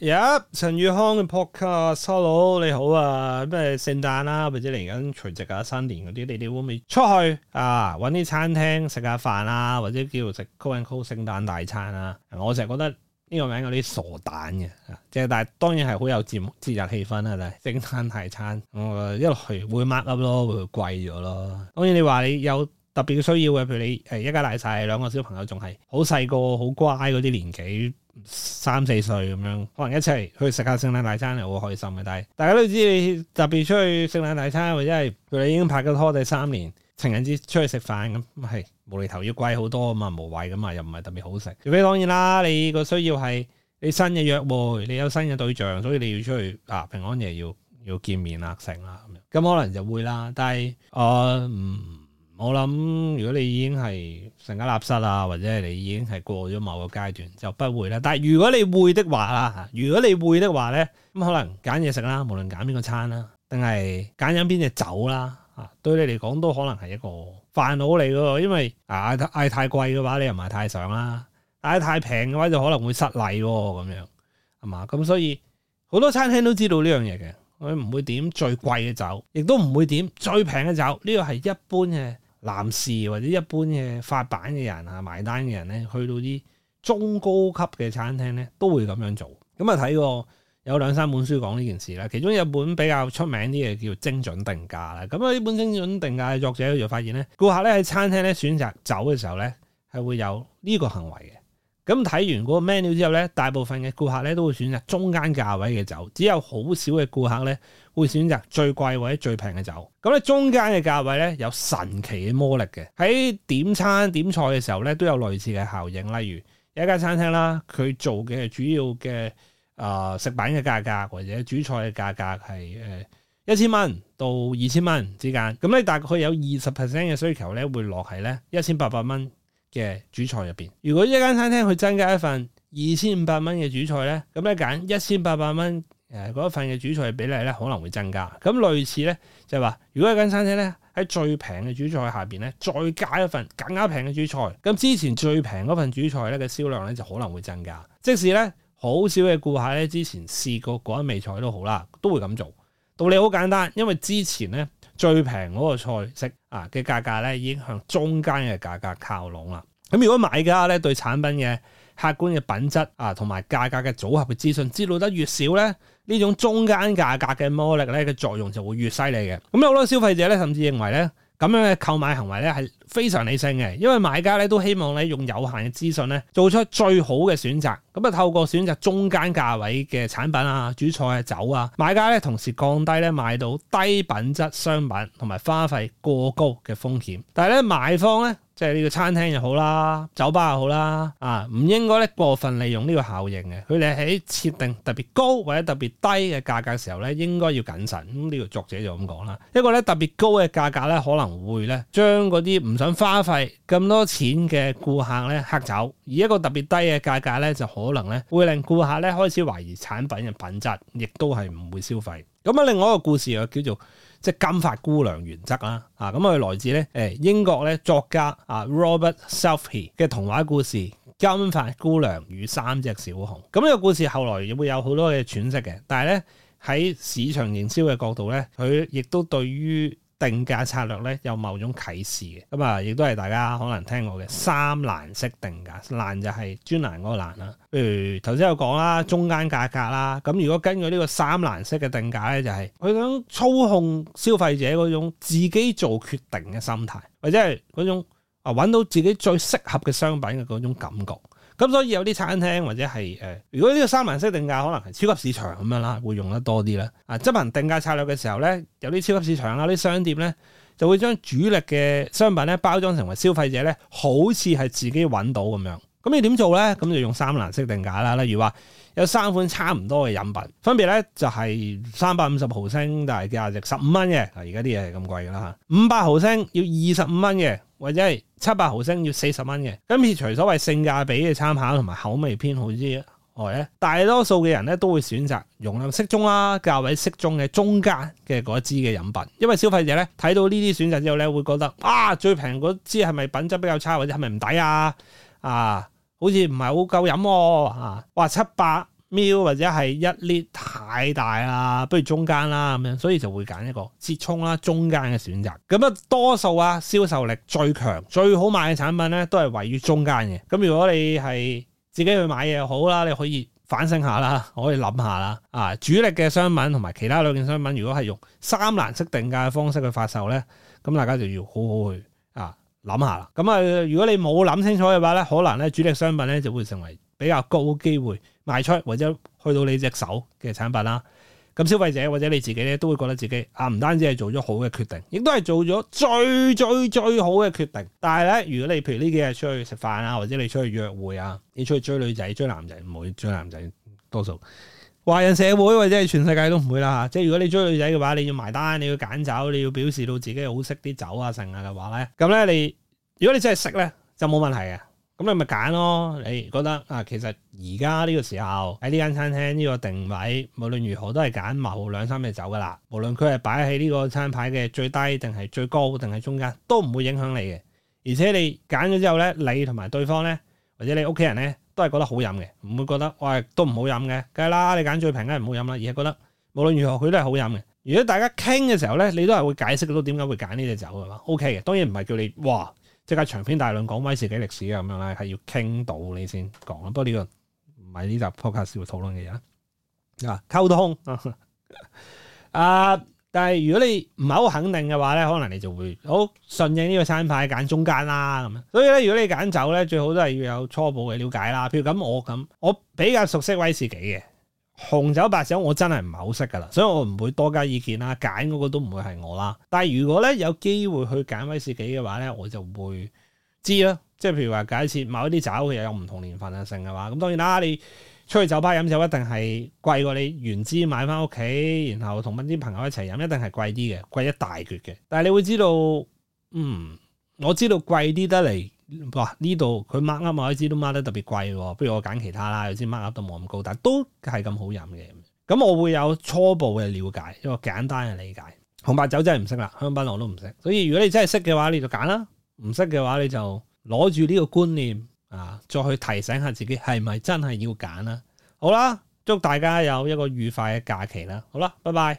入、yeah, 陳宇康嘅 podcast solo，你好啊！咩聖誕啦、啊，或者嚟緊除夕啊、新年嗰啲，你哋會唔會出去啊？揾啲餐廳食下飯啊，或者叫做食 so-called 聖誕大餐啊？我成日覺得呢個名有啲傻蛋嘅，即係但係當然係好有節節日氣氛啦、啊，但聖誕大餐我、嗯、一落去會 mark up 咯，會,會貴咗咯。當然你話你有特別嘅需要嘅，譬如你誒一家大細兩個小朋友仲係好細個、好乖嗰啲年紀。三四歲咁樣，可能一齊去食下聖誕大餐係好開心嘅。但係大家都知你特別出去食聖誕大餐，或者係佢哋已經拍緊拖第三年，情人節出去食飯咁係無厘頭要貴好多啊嘛，無謂噉嘛，又唔係特別好食。除非當然啦，你個需要係你新嘅約會，你有新嘅對象，所以你要出去啊，平安夜要要見面啦，成啦咁樣，咁可能就會啦。但係啊唔。呃嗯我諗如果你已經係成家立室啊，或者你已經係過咗某個階段，就不會啦。但係如果你會的話啦，如果你會的話咧，咁可能揀嘢食啦，無論揀邊個餐啦，定係揀飲邊隻酒啦，啊，對你嚟講都可能係一個煩惱嚟㗎，因為啊，嗌太貴嘅話，你又唔係太想啦；嗌太平嘅話，就可能會失禮咁樣，係嘛？咁所以好多餐廳都知道呢樣嘢嘅，佢唔會點最貴嘅酒，亦都唔會點最平嘅酒，呢個係一般嘅。男士或者一般嘅發板嘅人啊，埋單嘅人咧，去到啲中高級嘅餐廳咧，都會咁樣做。咁啊睇過有兩三本書講呢件事啦，其中有一本比較出名啲嘅叫《精準定價》啦。咁啊呢本精準定價嘅作者就發現咧，顧客咧喺餐廳咧選擇酒嘅時候咧，係會有呢個行為嘅。咁睇完嗰個 menu 之後咧，大部分嘅顧客咧都會選擇中間價位嘅酒，只有好少嘅顧客咧，會選擇最貴或者最平嘅酒，咁咧中間嘅價位咧有神奇嘅魔力嘅，喺點餐、點菜嘅時候咧都有類似嘅效應。例如有一間餐廳啦，佢做嘅主要嘅啊、呃、食品嘅價格或者主菜嘅價格係誒一千蚊到二千蚊之間，咁咧大概有二十 percent 嘅需求咧會落喺咧一千八百蚊嘅主菜入邊。如果一間餐廳佢增加一份二千五百蚊嘅主菜咧，咁咧揀一千八百蚊，誒嗰一份嘅主菜比例咧可能會增加，咁類似咧就係話，如果一間餐廳咧喺最平嘅主菜下邊咧，再加一份更加平嘅主菜，咁之前最平嗰份主菜咧嘅銷量咧就可能會增加。即使咧好少嘅顧客咧之前試過嗰一味菜都好啦，都會咁做。道理好簡單，因為之前咧最平嗰個菜式啊嘅價格咧已經向中間嘅價格靠攏啦。咁如果買家咧對產品嘅客觀嘅品質啊，同埋價格嘅組合嘅資訊知道得越少咧，呢種中間價格嘅魔力咧嘅作用就會越犀利嘅。咁有好多消費者咧，甚至認為咧，咁樣嘅購買行為咧係非常理性嘅，因為買家咧都希望咧用有限嘅資訊咧做出最好嘅選擇，咁啊透過選擇中間價位嘅產品啊、主菜啊酒啊，買家咧同時降低咧買到低品質商品同埋花費過高嘅風險，但係咧賣方咧，即係呢個餐廳又好啦、酒吧又好啦，啊唔應該咧過分利用呢個效應嘅。佢哋喺設定特別高或者特別低嘅價格時候咧，應該要謹慎。咁、這、呢個作者就咁講啦。一個咧特別高嘅價格咧，可能會咧將嗰啲唔.想花費咁多錢嘅顧客咧，黑走；而一個特別低嘅價格咧，就可能咧會令顧客咧開始懷疑產品嘅品質，亦都係唔會消費。咁啊，另外一個故事又叫做即係金髮姑娘原則啦。啊咁啊，佢來自咧誒英國咧作家啊 Robert Selfie 嘅童話故事《金髮姑娘與三隻小熊》。咁呢個故事後來亦會有好多嘅轉色嘅，但係咧喺市場營銷嘅角度咧，佢亦都對於定價策略咧有某種啟示嘅，咁啊，亦都係大家可能聽過嘅三欄式定價，欄就係專欄嗰個欄啦。譬如頭先有講啦，中間價格啦，咁如果根據呢個三欄式嘅定價咧，就係佢想操控消費者嗰種自己做決定嘅心態，或者係嗰種啊揾到自己最適合嘅商品嘅嗰種感覺。咁所以有啲餐廳或者係誒、呃，如果呢個三文式定價可能係超級市場咁樣啦，會用得多啲咧。啊，執行定價策略嘅時候咧，有啲超級市場啊、啲商店咧，就會將主力嘅商品咧包裝成為消費者咧，好似係自己揾到咁樣。咁你點做咧？咁就用三顏色定價啦。例如話有三款差唔多嘅飲品，分別咧就係三百五十毫升，但係價值十五蚊嘅。啊，而家啲嘢係咁貴噶啦嚇。五百毫升要二十五蚊嘅，或者係七百毫升要四十蚊嘅。咁譬如除所謂性價比嘅參考同埋口味偏好之外咧，大多數嘅人咧都會選擇容量適中啦、價位適中嘅中間嘅嗰支嘅飲品。因為消費者咧睇到呢啲選擇之後咧，會覺得啊，最平嗰支係咪品質比較差，或者係咪唔抵啊？啊！好似唔係好夠飲喎，啊！哇，七百 ml 或者係一列太大啦，不如中間啦咁樣，所以就會揀一個折中啦，中間嘅選擇。咁啊，多數啊銷售力最強、最好賣嘅產品咧，都係位於中間嘅。咁如果你係自己去買嘢好啦，你可以反省下啦，可以諗下啦，啊主力嘅商品同埋其他兩件商品，如果係用三欄式定價嘅方式去發售咧，咁大家就要好好去。諗下啦，咁啊，如果你冇諗清楚嘅話咧，可能咧，主力商品咧就會成為比較高機會賣出或者去到你隻手嘅產品啦。咁消費者或者你自己咧都會覺得自己啊，唔單止係做咗好嘅決定，亦都係做咗最最最最好嘅決定。但係咧，如果你譬如呢幾日出去食飯啊，或者你出去約會啊，你出去追女仔、追男仔，唔好追男仔，多數。華人社會或者係全世界都唔會啦，即係如果你追女仔嘅話，你要埋單，你要揀酒，你要表示到自己好識啲酒啊，剩啊嘅話咧，咁咧你如果你真係識咧，就冇問題嘅，咁你咪揀咯。你覺得啊，其實而家呢個時候喺呢間餐廳呢個定位，無論如何都係揀某兩三隻酒㗎喇。無論佢係擺喺呢個餐牌嘅最低定係最高定係中間，都唔會影響你嘅。而且你揀咗之後咧，你同埋對方咧或者你屋企人咧。都係覺得好飲嘅，唔會覺得，喂，都唔好飲嘅，梗係啦。你揀最平梗係唔好飲啦，而係覺得無論如何佢都係好飲嘅。如果大家傾嘅時候咧，你都係會解釋到點解會揀呢隻酒㗎嘛。O K 嘅，當然唔係叫你哇，即刻長篇大論講威士忌歷史啊咁樣啦，係要傾到你先講啦。不過呢個唔係呢集 podcast 要討論嘅嘢啊，啊，溝通 啊。但係如果你唔係好肯定嘅話咧，可能你就會好順應呢個餐牌，揀中間啦咁樣。所以咧，如果你揀酒咧，最好都係要有初步嘅了解啦。譬如咁我咁，我比較熟悉威士忌嘅，紅酒、白酒，我真係唔係好識噶啦，所以我唔會多加意見啦。揀嗰個都唔會係我啦。但係如果咧有機會去揀威士忌嘅話咧，我就會知啦。即係譬如話假設某一啲酒佢又有唔同年份啊，性嘅話，咁當然啦，你。出去酒吧飲酒一定係貴過你原支買翻屋企，然後同啲朋友一齊飲，一定係貴啲嘅，貴一大橛嘅。但係你會知道，嗯，我知道貴啲得嚟，哇！呢度佢掹鴨我一支都掹得特別貴喎。不如我揀其他啦，有啲掹鴨都冇咁高，但都係咁好飲嘅。咁我會有初步嘅了解，一個簡單嘅理解。紅白酒真係唔識啦，香檳我都唔識。所以如果你真係識嘅話，你就揀啦；唔識嘅話，你就攞住呢個觀念。啊！再去提醒下自己，係咪真係要揀啦？好啦，祝大家有一個愉快嘅假期啦！好啦，拜拜。